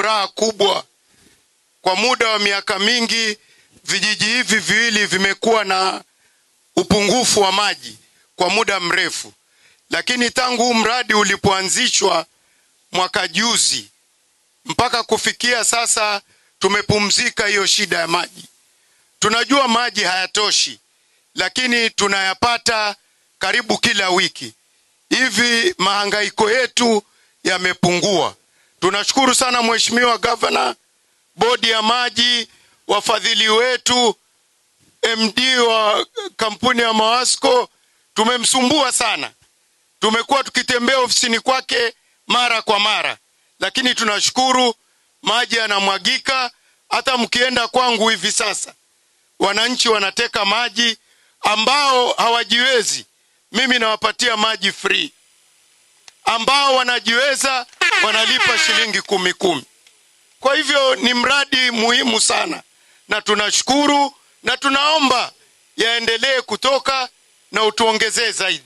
furaha kubwa. Kwa muda wa miaka mingi, vijiji hivi viwili vimekuwa na upungufu wa maji kwa muda mrefu, lakini tangu huu mradi ulipoanzishwa mwaka juzi mpaka kufikia sasa tumepumzika hiyo shida ya maji. Tunajua maji hayatoshi, lakini tunayapata karibu kila wiki hivi, mahangaiko yetu yamepungua. Tunashukuru sana Mheshimiwa Gavana, bodi ya maji, wafadhili wetu, MD wa kampuni ya Mawasco. Tumemsumbua sana, tumekuwa tukitembea ofisini kwake mara kwa mara, lakini tunashukuru maji yanamwagika. Hata mkienda kwangu hivi sasa, wananchi wanateka maji, ambao hawajiwezi mimi nawapatia maji free, ambao wanajiweza wanalipa shilingi kumi kumi. Kwa hivyo ni mradi muhimu sana, na tunashukuru na tunaomba yaendelee kutoka na utuongezee zaidi.